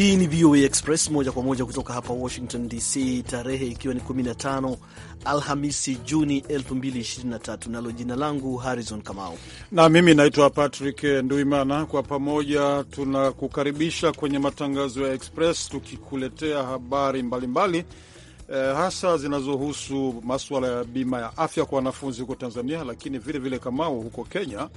Hii ni VOA Express moja kwa moja kutoka hapa Washington DC, tarehe ikiwa ni 15 Alhamisi, Juni 2023. Nalo jina langu Harrison Kamau na mimi naitwa Patrick Nduimana. Kwa pamoja tunakukaribisha kwenye matangazo ya Express tukikuletea habari mbalimbali mbali, eh, hasa zinazohusu maswala ya bima ya afya kwa wanafunzi huko Tanzania, lakini vilevile Kamau huko Kenya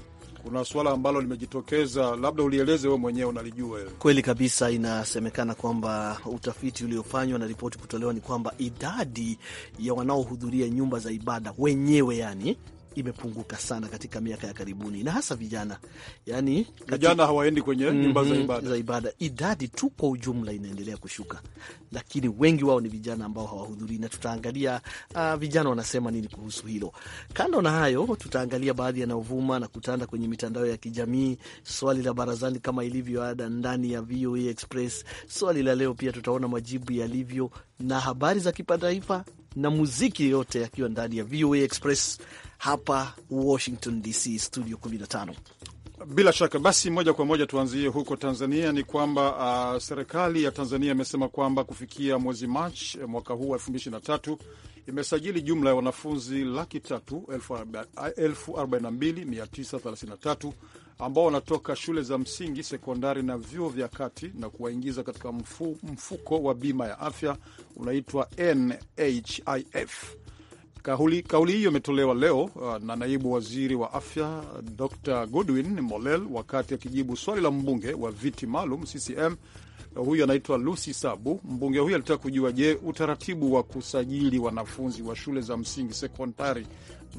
kuna suala ambalo limejitokeza, labda ulieleze wewe mwenyewe, unalijua Kweli kabisa, inasemekana kwamba utafiti uliofanywa na ripoti kutolewa ni kwamba idadi ya wanaohudhuria nyumba za ibada wenyewe, yani imepunguka sana katika miaka ya karibuni, na hasa vijana yani, vijana kati... hawaendi kwenye mm -hmm, nyumba za ibada za ibada. Idadi tu kwa ujumla inaendelea kushuka, lakini wengi wao ni vijana ambao hawahudhurii, na tutaangalia uh, vijana wanasema nini kuhusu hilo. Kando na hayo, tutaangalia baadhi yanayovuma na kutanda kwenye mitandao ya kijamii, swali la barazani kama ilivyo ada ndani ya VOA Express, swali la leo pia tutaona majibu yalivyo na habari za kimataifa na muziki yote yakiwa ndani ya VOA Express hapa Washington DC, studio 15. Bila shaka basi, moja kwa moja tuanzie huko Tanzania. Ni kwamba uh, serikali ya Tanzania imesema kwamba kufikia mwezi Machi eh, mwaka huu wa 2023 imesajili jumla ya wanafunzi laki tatu elfu arobaini na mbili mia tisa thelathini na tatu ambao wanatoka shule za msingi, sekondari na vyuo vya kati na kuwaingiza katika mfu, mfuko wa bima ya afya unaitwa NHIF. Kauli, kauli hiyo imetolewa leo uh, na naibu waziri wa afya Dr Godwin molel wakati akijibu swali la mbunge wa viti maalum CCM huyu anaitwa Lucy Sabu. Mbunge huyu alitaka kujua, je, utaratibu wa kusajili wanafunzi wa shule za msingi, sekondari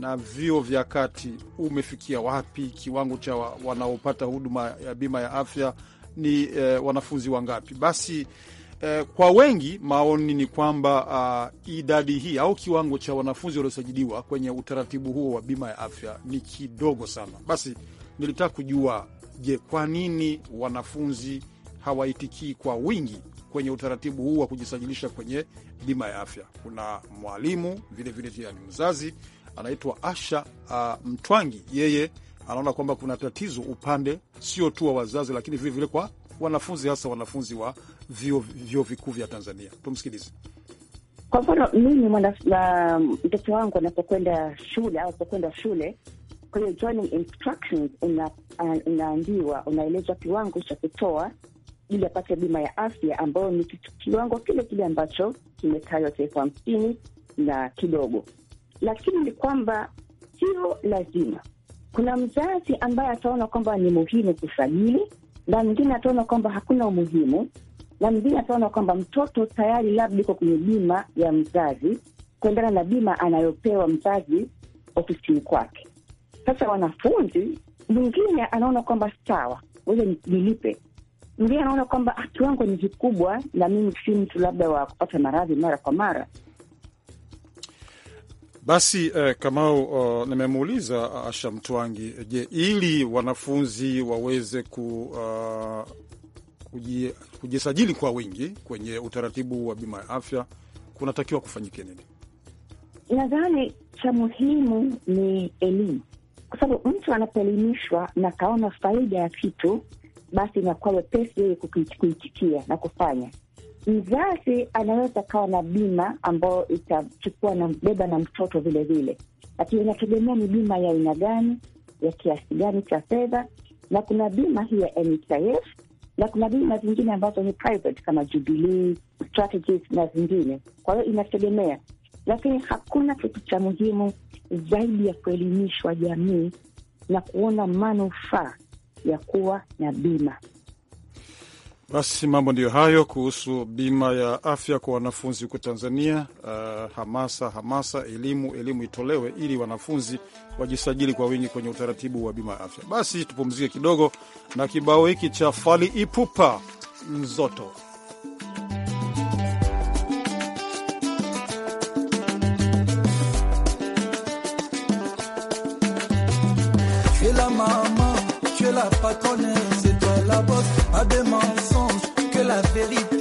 na vyuo vya kati umefikia wapi? Kiwango cha wanaopata huduma ya bima ya afya ni eh, wanafunzi wangapi? Basi eh, kwa wengi maoni ni kwamba uh, idadi hii au kiwango cha wanafunzi waliosajiliwa kwenye utaratibu huo wa bima ya afya ni kidogo sana. Basi nilitaka kujua, je, kwa nini wanafunzi hawaitikii kwa wingi kwenye utaratibu huu wa kujisajilisha kwenye bima ya afya? Kuna mwalimu vilevile pia ni mzazi anaitwa Asha uh, Mtwangi, yeye anaona kwamba kuna tatizo upande sio tu wa wazazi, lakini vilevile kwa wanafunzi hasa wanafunzi wa vyuo vikuu vya Tanzania. Tumsikilize. Kwa mfano mimi mtoto wangu anapokwenda shule au anapokwenda shule, kwa hiyo joining instructions unaambiwa, uh, unaelezwa kiwango cha kutoa ili apate bima ya afya ambayo ni kiwango kile kile ambacho kimetajwa cha elfu hamsini na kidogo, lakini ni kwamba sio lazima. Kuna mzazi ambaye ataona kwamba ni muhimu kusajili na mwingine ataona kwamba hakuna umuhimu, namvia ataona kwamba mtoto tayari labda iko kwenye bima ya mzazi kuendana na bima anayopewa mzazi ofisini kwake. Sasa wanafunzi mwingine anaona kwamba sawa, weze nilipe. Mwingine anaona kwamba ah, kiwango ni kikubwa, na mimi si mtu labda wa kupata maradhi mara kwa mara. Basi eh, Kamau, uh, nimemuuliza ah, Asha Mtwangi, je, ili wanafunzi waweze ku uh, kujisajili kwa wingi kwenye utaratibu wa bima ya afya kunatakiwa kufanyike nini? Nadhani cha muhimu ni elimu, kwa sababu mtu anapoelimishwa na kaona faida ya kitu, basi inakuwa wepesi yeye kuitikia na kufanya. Mzazi anaweza kawa na bima ambayo itachukua na beba na mtoto vilevile, lakini inategemea ni bima ya aina gani, ya kiasi gani cha fedha, na kuna bima hii ya NHIF na kuna bima zingine ambazo ni private kama Jubilee Strategies na zingine. Kwa hiyo inategemea, lakini hakuna kitu cha muhimu zaidi ya kuelimishwa jamii na kuona manufaa ya kuwa na bima. Basi mambo ndiyo hayo kuhusu bima ya afya kwa wanafunzi huko Tanzania. Uh, hamasa hamasa, elimu elimu itolewe ili wanafunzi wajisajili kwa wingi kwenye utaratibu wa bima ya afya. Basi tupumzike kidogo na kibao hiki cha fali Ipupa Nzoto. Chela mama, chela pra felicidade.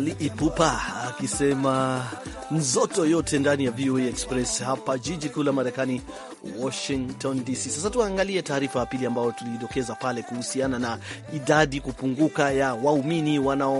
Ali Ipupa akisema nzoto yote ndani ya VOA Express hapa jiji kuu la Marekani, Washington DC. Sasa tuangalie taarifa ya pili ambayo tulidokeza pale kuhusiana na idadi kupunguka ya waumini wanaokwenda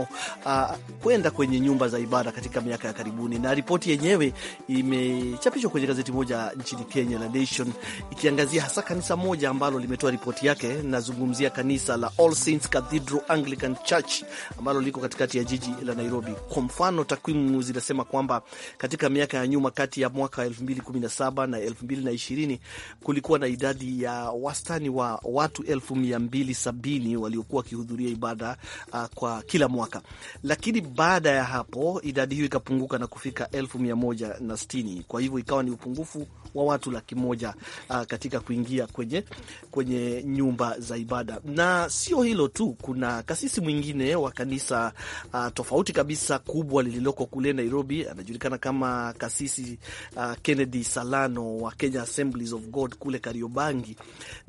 ah, uh, kwenye nyumba za ibada katika miaka ya karibuni, na ripoti yenyewe imechapishwa kwenye gazeti moja nchini Kenya la Nation, ikiangazia hasa kanisa moja ambalo limetoa ripoti yake. Nazungumzia kanisa la All Saints Cathedral Anglican Church ambalo liko katikati ya jiji la Nairobi. Kwa mfano, takwimu zinasema kwamba katika miaka ya nyuma kati ya mwaka 2017 na 2020 kulikuwa na idadi ya wastani wa watu elfu mia mbili sabini waliokuwa wakihudhuria ibada uh, kwa kila mwaka, lakini baada ya hapo idadi hiyo ikapunguka na kufika elfu mia moja na sitini. Kwa hivyo ikawa ni upungufu wa watu laki moja uh, katika kuingia kwenye, kwenye nyumba za ibada. Na sio hilo tu, kuna kasisi mwingine wa kanisa uh, tofauti kabisa kubwa lililoko kule Nairobi, anajulikana kama kasisi uh, Kennedy Salano wa Kenya Assemblies of of God kule Kariobangi,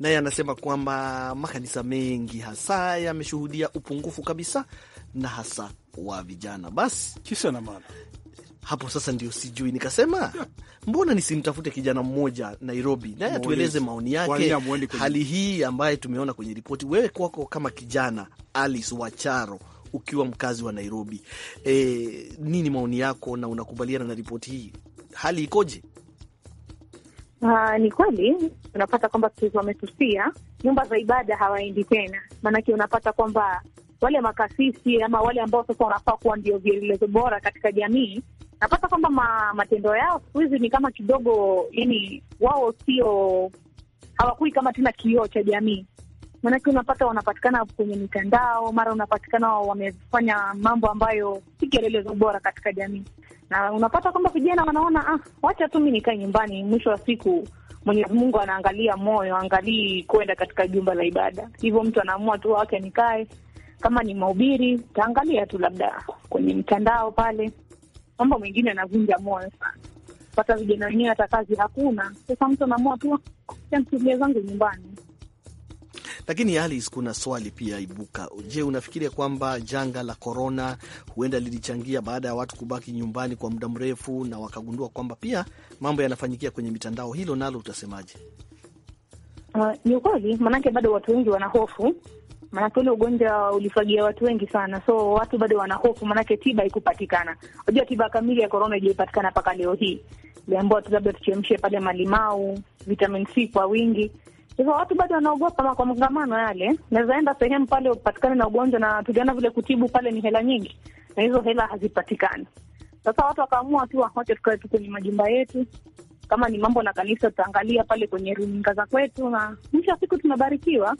naye anasema kwamba makanisa mengi hasa yameshuhudia upungufu kabisa na hasa wa vijana. Basi kisa na maana hapo sasa ndio sijui nikasema Mbona nisimtafute kijana mmoja Nairobi naye atueleze maoni yake hali hii ambaye tumeona kwenye ripoti. Wewe kwako kama kijana Alice Wacharo ukiwa mkazi wa Nairobi, e, nini maoni yako na unakubaliana na ripoti hii? Hali ikoje? Uh, ni kweli unapata kwamba wametusia nyumba za ibada hawaendi tena, maanake unapata kwamba wale makasisi ama wale ambao sasa wanafaa kuwa ndio vielelezo bora katika jamii, napata kwamba ma, matendo yao siku hizi ni kama kidogo, yani wao sio, hawakui kama tena kioo cha jamii, maanake unapata wanapatikana kwenye mitandao, mara unapatikana wamefanya mambo ambayo si kielelezo bora katika jamii na unapata kwamba vijana wanaona ah, wacha tu mi nikae nyumbani. Mwisho wa siku Mwenyezi Mungu anaangalia moyo, angalii kwenda katika jumba la ibada. Hivyo mtu anaamua tu wake nikae, kama ni mahubiri taangalia tu labda kwenye mtandao pale. Mambo mengine anavunja moyo sana, pata vijana wenyewe hata kazi hakuna. Sasa mtu anaamua tu, mtulia ah, zangu nyumbani lakini Alice, kuna swali pia ibuka. Je, unafikiria kwamba janga la korona huenda lilichangia baada ya watu kubaki nyumbani kwa muda mrefu na wakagundua kwamba pia mambo yanafanyikia kwenye mitandao? Hilo nalo utasemaje? Uh, ni ukweli, maanake bado watu wengi wana hofu maanake ule ugonjwa ulifagia watu wengi sana, so watu bado wana hofu, maanake tiba haikupatikana. Unajua, tiba kamili ya korona ijaipatikana mpaka leo hii. Uliambiwa tu labda tuchemshe pale malimau, vitamin C kwa wingi, Hivyo watu bado wanaogopa kwa mgamano yale. Naweza enda sehemu pale upatikane na ugonjwa, na tuliona vile kutibu pale ni hela nyingi, na hizo hela hazipatikani. Sasa watu wakaamua tu waote, tukae tu kwenye majumba yetu. Kama ni mambo na kanisa, tutaangalia pale kwenye runinga za kwetu, na mwisho wa siku tunabarikiwa.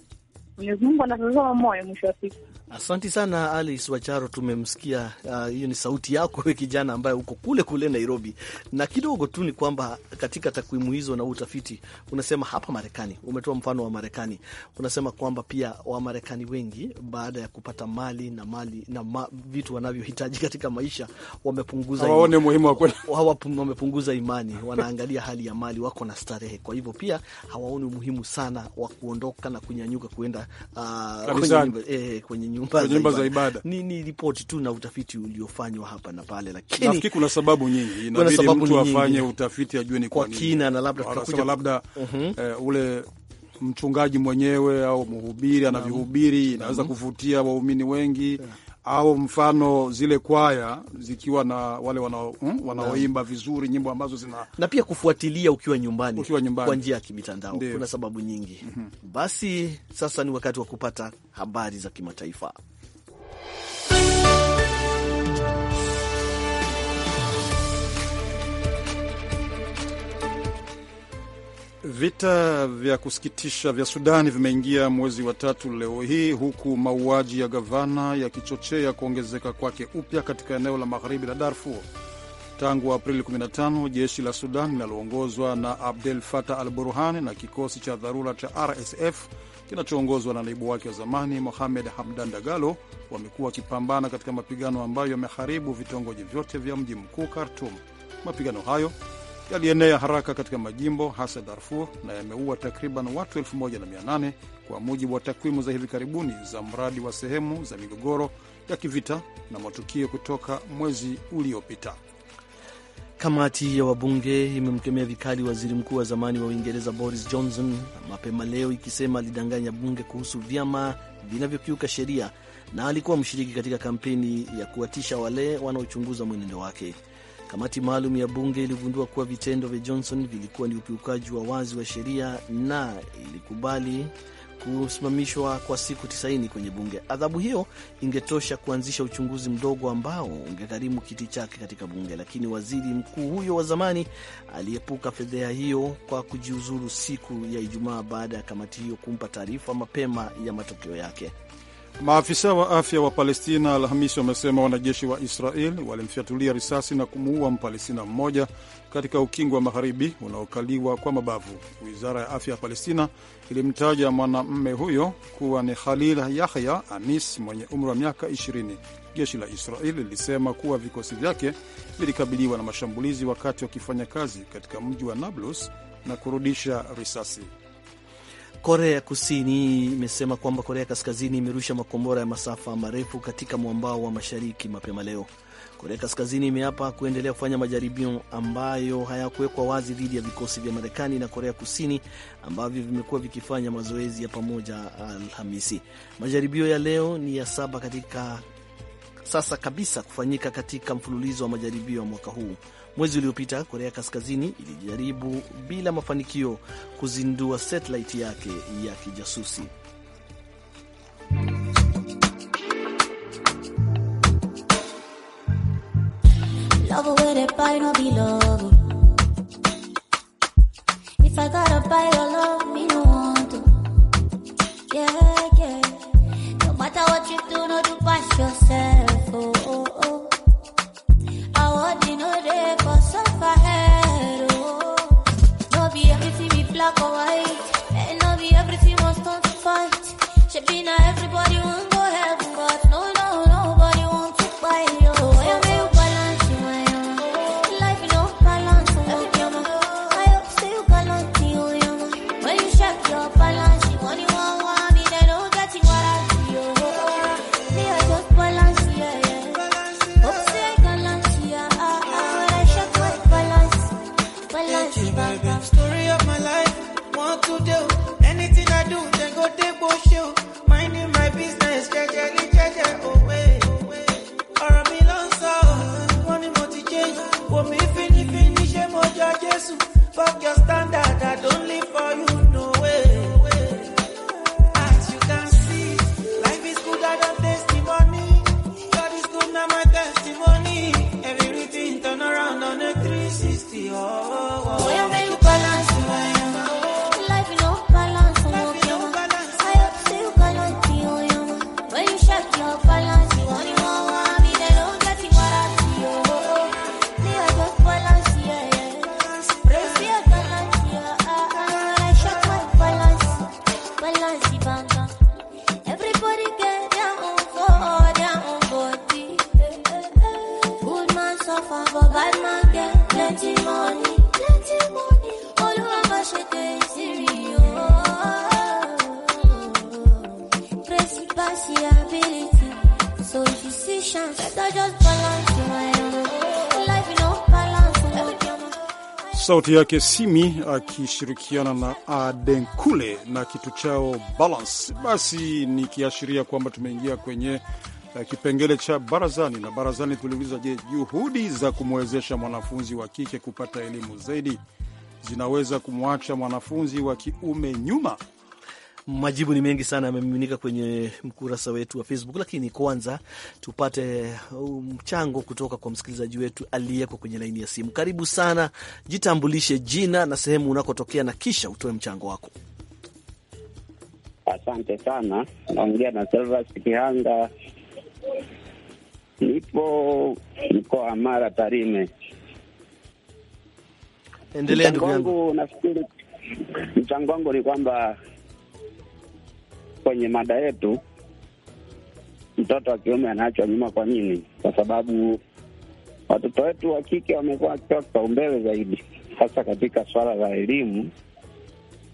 Mwenyezi Mungu anatazama moyo mwisho wa siku. Asanti sana Alice Wacharo, tumemsikia uh, hiyo. Uh, ni sauti yako we kijana ambaye uko kule kule Nairobi. Na kidogo tu ni kwamba katika takwimu hizo na utafiti unasema hapa Marekani, umetoa mfano wa Marekani, unasema kwamba pia Wamarekani wengi baada ya kupata mali na mali na ma, vitu wanavyohitaji katika maisha wamepunguza muhimu wa wamepunguza imani, wanaangalia hali ya mali, wako na starehe, kwa hivyo pia hawaoni umuhimu sana wa kuondoka na kunyanyuka kuenda uh, kwenye, eh, kwenye nyumba za ibada, ibada. Ni, ni ripoti tu na utafiti uliofanywa hapa na pale, lakini nafikiri kuna sababu nyingi, inabidi mtu afanye utafiti ajue ni kwa kina, na labda tutakuja labda uh -huh. uh, ule mchungaji mwenyewe au mhubiri anavyohubiri inaweza kuvutia waumini wengi yeah au mfano zile kwaya zikiwa na wale hmm, wanaoimba wana vizuri nyimbo ambazo zina na pia kufuatilia ukiwa nyumbani, ukiwa nyumbani kwa njia ya kimitandao. Kuna sababu nyingi. mm -hmm. Basi sasa ni wakati wa kupata habari za kimataifa. Vita vya kusikitisha vya Sudani vimeingia mwezi wa tatu leo hii, huku mauaji ya gavana yakichochea kuongezeka kwake upya katika eneo la magharibi la Darfur. Tangu Aprili 15 jeshi la Sudan linaloongozwa na Abdel Fatah al Burhan na kikosi cha dharura cha RSF kinachoongozwa na naibu wake wa zamani Mohamed Hamdan Dagalo wamekuwa wakipambana katika mapigano ambayo yameharibu vitongoji vyote vya mji mkuu Khartum. Mapigano hayo yalienea haraka katika majimbo hasa Darfur na yameua takriban watu 1800 kwa mujibu wa takwimu za hivi karibuni za mradi wa sehemu za migogoro ya kivita na matukio kutoka mwezi uliopita. Kamati ya wabunge imemkemea vikali waziri mkuu wa zamani wa Uingereza Boris Johnson mapema leo ikisema alidanganya bunge kuhusu vyama vinavyokiuka sheria na alikuwa mshiriki katika kampeni ya kuwatisha wale wanaochunguza mwenendo wake. Kamati maalum ya bunge iligundua kuwa vitendo vya Johnson vilikuwa ni ukiukaji wa wazi wa sheria na ilikubali kusimamishwa kwa siku 90 kwenye bunge. Adhabu hiyo ingetosha kuanzisha uchunguzi mdogo ambao ungegharimu kiti chake katika bunge, lakini waziri mkuu huyo wa zamani aliepuka fedheha hiyo kwa kujiuzuru siku ya Ijumaa baada ya kamati hiyo kumpa taarifa mapema ya matokeo yake. Maafisa wa afya wa Palestina Alhamisi wamesema wanajeshi wa Israel walimfyatulia risasi na kumuua Mpalestina mmoja katika ukingo wa magharibi unaokaliwa kwa mabavu. Wizara ya afya ya Palestina ilimtaja mwanamme huyo kuwa ni Khalil Yahya Anis mwenye umri wa miaka 20. Jeshi la Israel lilisema kuwa vikosi vyake vilikabiliwa na mashambulizi wakati wakifanya kazi katika mji wa Nablus na kurudisha risasi. Korea Kusini imesema kwamba Korea Kaskazini imerusha makombora ya masafa marefu katika mwambao wa mashariki mapema leo. Korea Kaskazini imeapa kuendelea kufanya majaribio ambayo hayakuwekwa wazi dhidi ya vikosi vya Marekani na Korea Kusini ambavyo vimekuwa vikifanya mazoezi ya pamoja Alhamisi. Majaribio ya leo ni ya saba katika sasa kabisa kufanyika katika mfululizo wa majaribio ya mwaka huu. Mwezi uliopita Korea Kaskazini ilijaribu bila mafanikio kuzindua satellite yake ya kijasusi. no repas Sauti yake Simi akishirikiana na Adenkule na kitu chao Balance. Basi nikiashiria kwamba tumeingia kwenye eh, kipengele cha barazani, na barazani tuliuliza, je, juhudi za kumwezesha mwanafunzi wa kike kupata elimu zaidi zinaweza kumwacha mwanafunzi wa kiume nyuma? Majibu ni mengi sana yamemiminika kwenye mkurasa wetu wa Facebook, lakini kwanza tupate uh, mchango kutoka kwa msikilizaji wetu aliyeko kwenye laini ya simu. Karibu sana, jitambulishe jina na sehemu unakotokea na kisha utoe mchango wako. Asante sana, naongea na Selvas Kihanga, nipo mkoa wa Mara, Tarime. Endelea ndugu yangu. Nafikiri mchango wangu ni kwamba kwenye mada yetu, mtoto wa kiume anaachwa nyuma. Kwa nini? Kwa sababu watoto wetu wa kike wamekuwa wakipewa kipaumbele zaidi, hasa katika swala la elimu,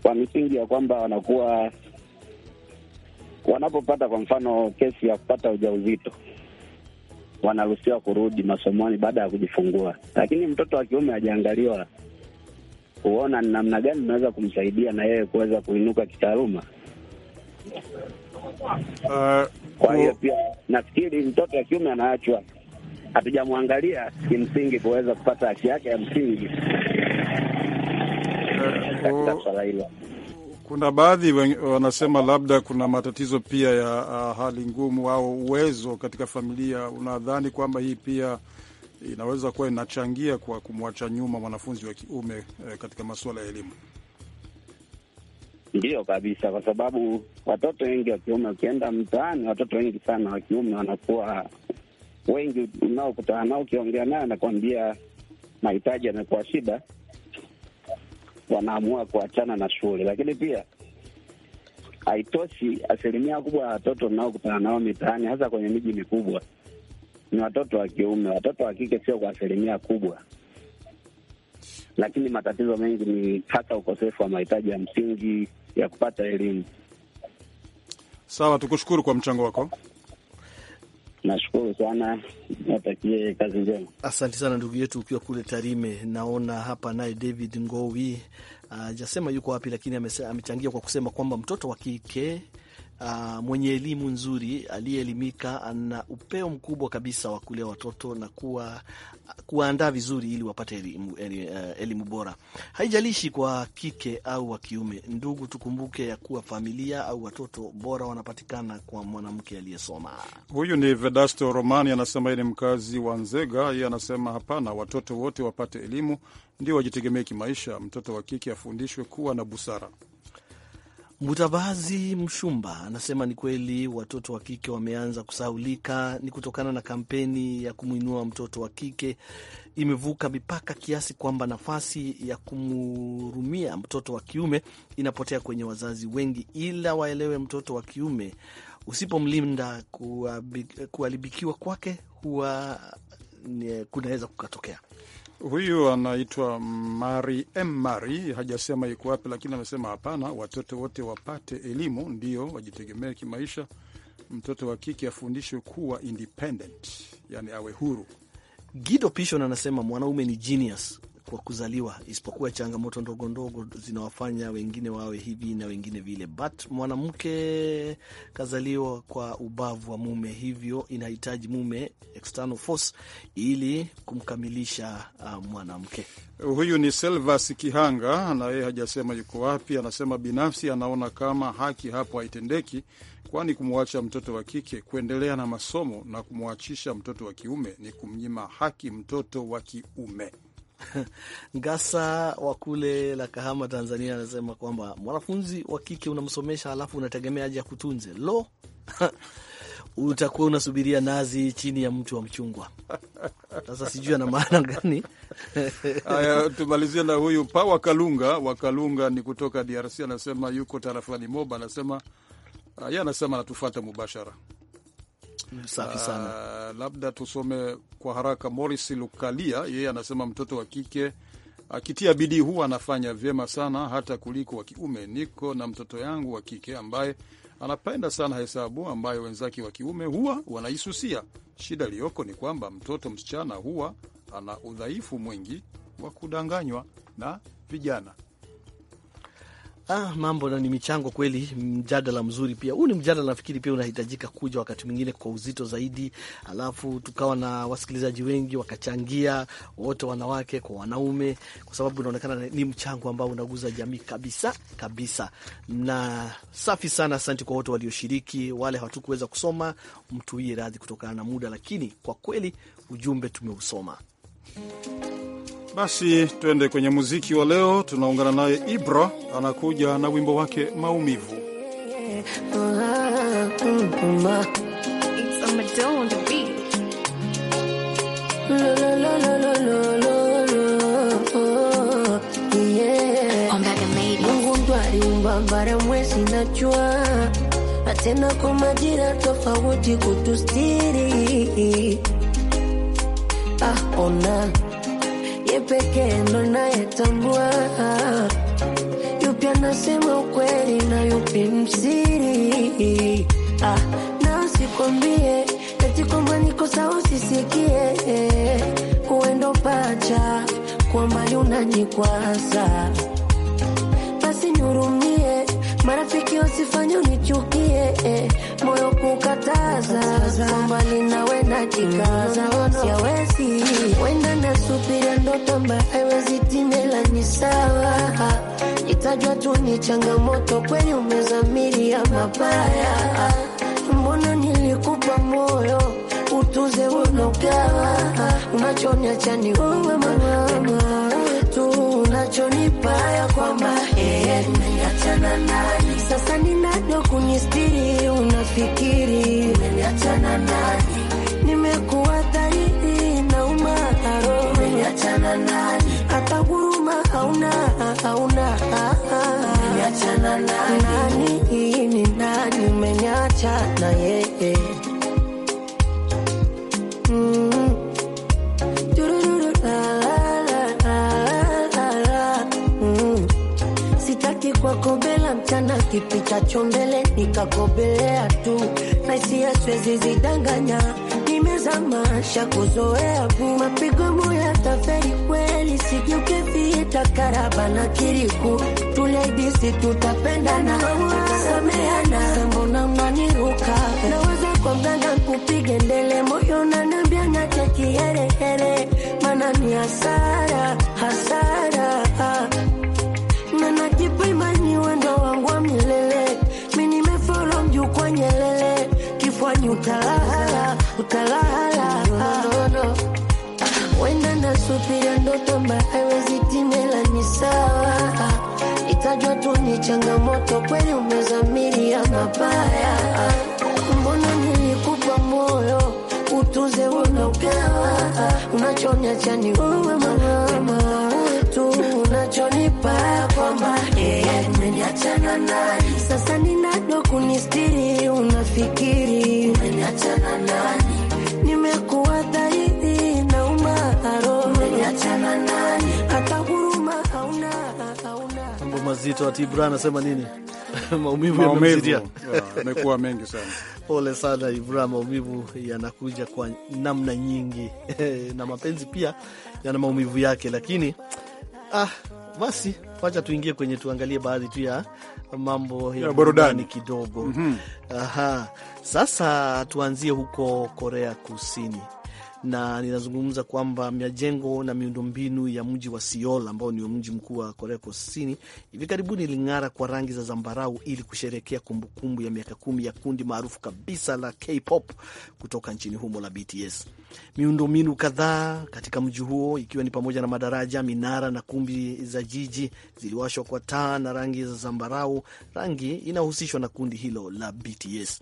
kwa misingi ya kwamba wanakuwa wanapopata kwa mfano kesi ya kupata ujauzito wanaruhusiwa kurudi masomoni baada ya kujifungua, lakini mtoto wa kiume hajaangaliwa kuona ni namna gani kumsaidia na yeye kuweza kuinuka kitaaluma. Uh, kwa hiyo pia nafikiri mtoto wa kiume anaachwa, hatujamwangalia kimsingi kuweza kupata haki yake ya msingi uh, katika swala hilo. Kuna baadhi wanasema labda kuna matatizo pia ya uh, hali ngumu au uwezo katika familia. Unadhani kwamba hii pia inaweza kuwa inachangia kwa kumwacha nyuma mwanafunzi wa kiume uh, katika masuala ya elimu? Ndiyo kabisa, kwa sababu watoto wengi wa kiume, ukienda mtaani, watoto wengi sana wa kiume wanakuwa wengi, unaokutana nao, ukiongea naye anakuambia mahitaji yamekuwa shida, wanaamua kuachana na shule. Lakini pia haitoshi, asilimia kubwa ya watoto unaokutana nao mitaani, hasa kwenye miji mikubwa, ni watoto wa kiume. Watoto wa kike sio kwa asilimia kubwa lakini matatizo mengi ni hata ukosefu wa mahitaji ya msingi ya kupata elimu. Sawa, tukushukuru kwa mchango wako. Nashukuru sana, natakie kazi njema. Asante sana ndugu yetu, ukiwa kule Tarime. Naona hapa naye David Ngowi ah, ajasema uh, yuko wapi, lakini amechangia kwa kusema kwamba mtoto wa kike uh, mwenye elimu nzuri aliyeelimika, ana upeo mkubwa kabisa wa kulea watoto na kuwa kuwaandaa vizuri ili wapate elimu, eh, eh, elimu bora, haijalishi kwa kike au wa kiume. Ndugu, tukumbuke ya kuwa familia au watoto bora wanapatikana kwa mwanamke aliyesoma. Huyu ni Vedasto Romani, anasema ni mkazi wa Nzega. Yeye anasema hapana, watoto wote wapate elimu ndio wajitegemee kimaisha. Mtoto wa kike afundishwe kuwa na busara. Mutavazi Mshumba anasema ni kweli watoto wa kike wameanza kusahulika Ni kutokana na kampeni ya kumwinua mtoto wa kike imevuka mipaka kiasi kwamba nafasi ya kumhurumia mtoto wa kiume inapotea kwenye wazazi wengi, ila waelewe, mtoto wa kiume usipomlinda, kuharibikiwa kwake huwa eh, kunaweza kukatokea. Huyu anaitwa Mari M. Mari, hajasema iko wapi, lakini amesema hapana, watoto wote wapate elimu, ndio wajitegemee kimaisha. Mtoto wa kike afundishwe kuwa independent, yani awe huru. Gido Pishon anasema mwanaume ni genius kwa kuzaliwa, isipokuwa changamoto ndogo ndogo zinawafanya wengine wawe hivi na wengine vile. But mwanamke kazaliwa kwa ubavu wa mume, hivyo inahitaji mume external force ili kumkamilisha uh, mwanamke huyu. Ni Selvas Kihanga, na yeye hajasema yuko wapi. Anasema binafsi anaona kama haki hapo haitendeki kwani kumwacha mtoto wa kike kuendelea na masomo na kumwachisha mtoto wa kiume ni kumnyima haki mtoto wa kiume. Ngasa wa kule la Kahama, Tanzania, anasema kwamba mwanafunzi wa kike unamsomesha, halafu unategemea aje akutunze? Lo, utakuwa unasubiria nazi chini ya mtu wa mchungwa. Sasa sijui ana maana gani? Haya, tumalizie na huyu pa Wakalunga. Wakalunga ni kutoka DRC, anasema yuko tarafani Moba, anasema ah, yeye, anasema anatufata mubashara Safi ah, sana. Uh, labda tusome kwa haraka. moris Lukalia yeye anasema mtoto wa kike akitia bidii huwa anafanya vyema sana hata kuliko wa kiume. Niko na mtoto yangu wa kike ambaye anapenda sana hesabu ambayo wenzake wa kiume huwa wanaisusia. Shida iliyoko ni kwamba mtoto msichana huwa ana udhaifu mwingi wa kudanganywa na vijana. Ah, mambo na ni michango kweli, mjadala mzuri pia. Huu ni mjadala nafikiri pia unahitajika kuja wakati mwingine kwa uzito zaidi, alafu tukawa na wasikilizaji wengi wakachangia, wote wanawake kwa wanaume, kwa sababu inaonekana ni mchango ambao unaguza jamii kabisa kabisa. Na safi sana, asante kwa wote walioshiriki. Wale hawatukuweza kusoma, mtuie radhi kutokana na muda, lakini kwa kweli ujumbe tumeusoma. Basi twende kwenye muziki wa leo. Tunaungana naye Ibra, anakuja na wimbo wake Maumivu. Bara mwezi na jua kwa majira tofauti kutustiri, ah, ona pekee ndo nayetambua yupi anasema ukweli na yupi msiri. Ah, na usikwambie eti kwamba niko sawa, usisikie kuendo pacha kwa mbali unajikwasa, basi nihurumie, marafiki wasifanye unichukie, moyo kukataza kwa mbali nawe najikaza, siawezi wenda nasubira namba ni sawa, itajwa tu ni changamoto. Kweli umezamiri ya mabaya, mbona nilikupa moyo utuze unogawa, unachoniachani uwe mama tu unachonipaya kwamba yeye eh, niachana nani sasa, ni kunistiri, unafikiri niachana nani Hata huruma hauna, hauna. nani? Nani ni nani? Umeniacha na yeye. Sitaki mchana, kipichacho mbele nikakobelea tu, na siwezi zidanganya tamasha kuzoea vu mapigo ya taferi kweli, sijuke vita karaba na kiriku tuleidisi, tutapendana tutasameana, sambona unaniruka naweza kwa mganga ndele moyo nanambia nacha kiherehere, mana ni hasara hasara wangu wa milele mimi nimefolo mjukwa nyelele kifwani utalala. No, no, no. Wenda nasubiria ndoto ambayo haiwezi timela, ni sawa, itajua tu ni changamoto. Kweli umezamiri ya mabaya, mbona nilikupa moyo utuze unaugawa, unachoniacha ni uwe mama tu unachonipa kwamba yeye ameniacha na nani, sasa ninado kunistiri unafikiri Mambo mazito ati Ibra anasema nini? Maumivu yamemzidia. Yamekuwa mengi sana. Pole sana Ibra, maumivu yanakuja kwa namna nyingi na mapenzi pia yana maumivu yake, lakini ah, basi wacha tuingie kwenye, tuangalie baadhi tu ya mambo ya burudani kidogo. mm -hmm. Aha, sasa tuanzie huko Korea Kusini, na ninazungumza kwamba majengo na miundombinu ya mji wa Seoul ambao ni mji mkuu wa Korea Kusini hivi karibuni iling'ara kwa rangi za zambarau ili kusherekea kumbukumbu ya miaka kumi ya kundi maarufu kabisa la K-pop kutoka nchini humo la BTS. Miundombinu kadhaa katika mji huo ikiwa ni pamoja na madaraja, minara na kumbi za jiji ziliwashwa kwa taa na rangi za zambarau, rangi inayohusishwa na kundi hilo la BTS.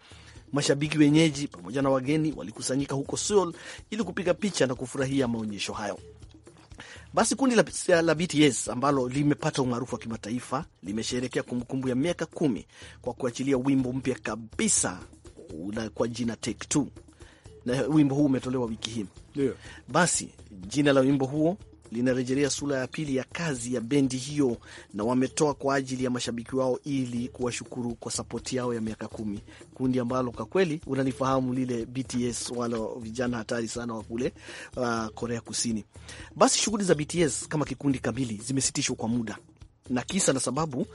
Mashabiki wenyeji pamoja na wageni walikusanyika huko Seoul ili kupiga picha na kufurahia maonyesho hayo. Basi kundi la, la BTS ambalo limepata umaarufu wa kimataifa limesherehekea kumbukumbu ya miaka kumi kwa kuachilia wimbo mpya kabisa kwa jina Take Two, na wimbo huu umetolewa wiki hii. Basi jina la wimbo huo linarejelea sura ya pili ya kazi ya bendi hiyo, na wametoa kwa ajili ya mashabiki wao ili kuwashukuru kwa sapoti yao ya miaka kumi, kundi ambalo kwa kweli unalifahamu lile BTS, wale vijana hatari sana wa kule uh, Korea Kusini. Basi shughuli za BTS kama kikundi kamili zimesitishwa kwa muda, na kisa na sababu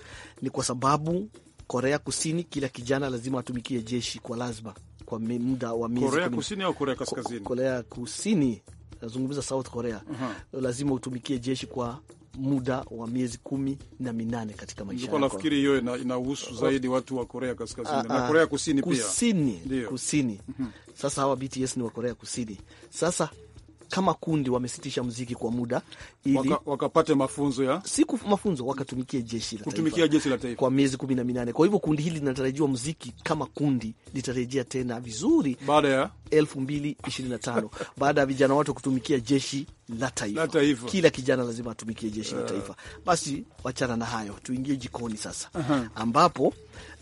ni kwa sababu Korea Kusini, kila kijana lazima atumikie jeshi kwa lazima kwa muda wa miezi Korea Kusini au Korea Kaskazini? Korea Kusini nazungumza South Korea, uh-huh. lazima utumikie jeshi kwa muda wa miezi kumi na minane katika maisha yako. Nafikiri hiyo inahusu zaidi watu wa Korea Kaskazini ah, na ah, Korea Kusini, kusini pia kusini, kusini. Mhm. Sasa hawa BTS ni wa Korea Kusini. Sasa kama kundi wamesitisha mziki kwa muda ili wakapate waka mafunzo ya siku mafunzo, wakatumikia jeshi la kutumikia jeshi la taifa kwa miezi kumi na minane. Kwa hivyo kundi hili linatarajiwa mziki kama kundi litarejea tena vizuri baada ya elfu mbili ishirini na tano baada ya vijana watu kutumikia jeshi la taifa. La taifa. Kila kijana lazima atumikie jeshi uh, la eh. taifa. Basi wachana na hayo, tuingie jikoni sasa uh -huh. ambapo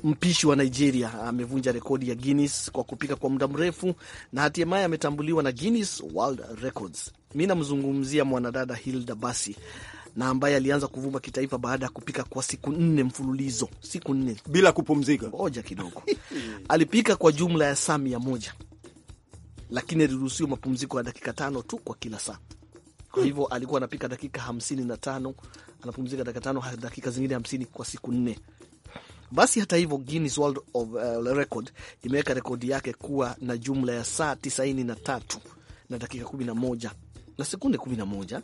Mpishi wa Nigeria amevunja rekodi ya Guinness kwa kupika kwa muda mrefu na hatimaye ametambuliwa na Guinness World Records. Mi namzungumzia mwanadada Hilda Basi na ambaye alianza kuvuma kitaifa baada ya kupika kwa siku nne mfululizo, siku nne bila kupumzika. Ngoja kidogo alipika kwa jumla ya saa mia moja lakini aliruhusiwa mapumziko ya dakika tano tu kwa kila saa. Kwa hivyo alikuwa anapika dakika hamsini na tano anapumzika dakika tano, dakika zingine hamsini kwa siku nne. Basi hata hivyo, Guinness World of, uh, Record imeweka rekodi yake kuwa na jumla ya saa tisaini na tatu na dakika kumi na moja na sekunde kumi na 11.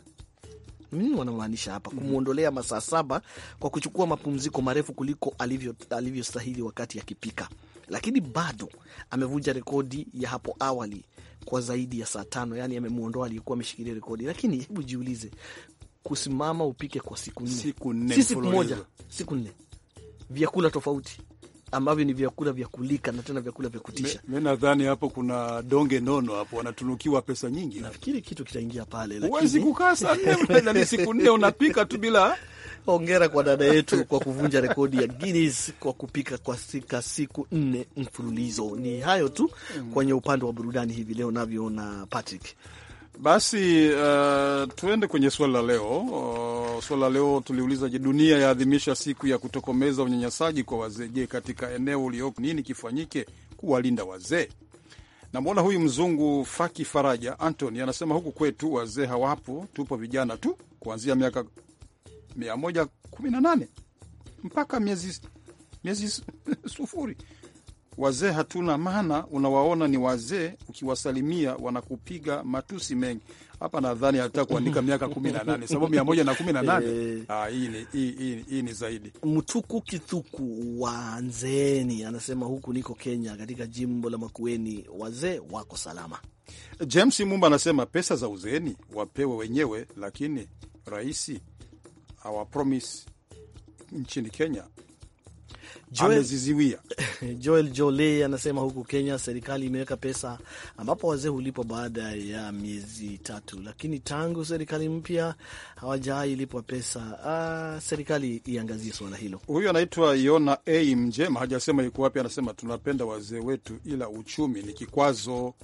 Nini wanamaanisha hapa? Mm-hmm. Kumwondolea masaa saba kwa kuchukua mapumziko marefu kuliko alivyostahili alivyo wakati akipika, lakini bado amevunja rekodi ya hapo awali kwa zaidi ya saa tano. Yani amemwondoa aliyekuwa ameshikilia rekodi, lakini hebu jiulize, kusimama upike kwa siku nne, siku nne, siku moja, siku nne vyakula tofauti ambavyo ni vyakula vya kulika na tena vyakula vya kutisha. Mi nadhani hapo kuna donge nono hapo, wanatunukiwa pesa nyingi. Nafikiri kitu kitaingia pale, lakini huwezi kukaa saa ni siku nne unapika tu bila Hongera kwa dada yetu kwa kuvunja rekodi ya Guinness kwa kupika kwa sika siku nne mfululizo. Ni hayo tu kwenye upande wa burudani hivi leo navyoona Patrick. Basi uh, tuende kwenye swali la leo. Uh, swali la leo tuliuliza, je, dunia yaadhimisha siku ya kutokomeza unyanyasaji kwa wazee. Je, katika eneo ulioko nini kifanyike kuwalinda wazee? Namwona huyu mzungu Faki Faraja Antony anasema huku kwetu wazee hawapo, tupo vijana tu kuanzia miaka nane mpaka miezi miezi sufuri. Wazee hatuna maana, unawaona ni wazee, ukiwasalimia wanakupiga matusi mengi. Hapa nadhani hata kuandika miaka kumi na nane sababu mia moja na kumi na nane eh. ah, hii ni zaidi. Mtuku Kithuku wa Nzeeni anasema huku niko Kenya, katika jimbo la Makueni, wazee wako salama. James Mumba anasema pesa za uzeeni wapewe wenyewe, lakini raisi awapromis nchini Kenya ameziziwia. Joel Jole anasema huku Kenya serikali imeweka pesa ambapo wazee hulipwa baada ya miezi tatu, lakini tangu serikali mpya lipwa pesa. Aa, ah, serikali iangazie suala hilo. Huyu anaitwa Yona A Mjema, hajasema yuko wapi. Anasema tunapenda wazee wetu, ila uchumi ni kikwazo.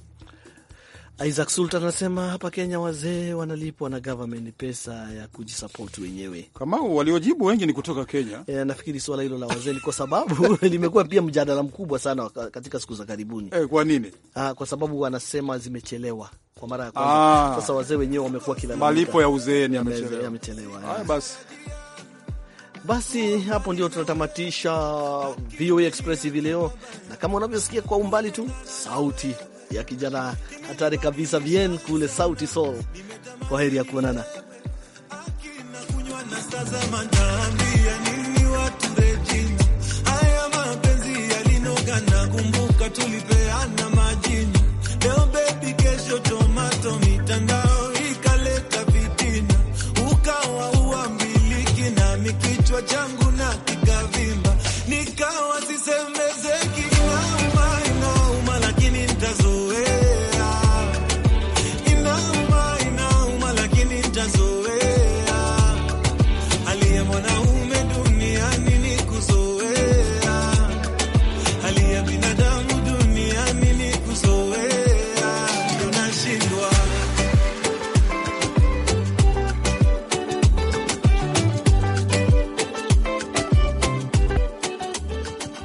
Isaac Sultan anasema hapa Kenya wazee wanalipwa na government pesa ya kujisapoti wenyewe. Kama waliojibu wengi ni kutoka Kenya. E, nafikiri suala hilo la wazee ni kwa sababu limekuwa pia mjadala mkubwa sana katika siku za karibuni. E, kwa nini? Ah, kwa sababu wanasema zimechelewa kwa mara ya kwanza. Ah. Sasa wazee wenyewe wamekuwa kila malipo ya uzeeni yamechelewa. Yamechelewa. Haya basi. Basi hapo ndio tunatamatisha VOA Express hivi leo, na kama unavyosikia kwa umbali tu sauti ya kijana hatari kabisa Bien kule Sauti Sol. Kwa heri ya kuonana.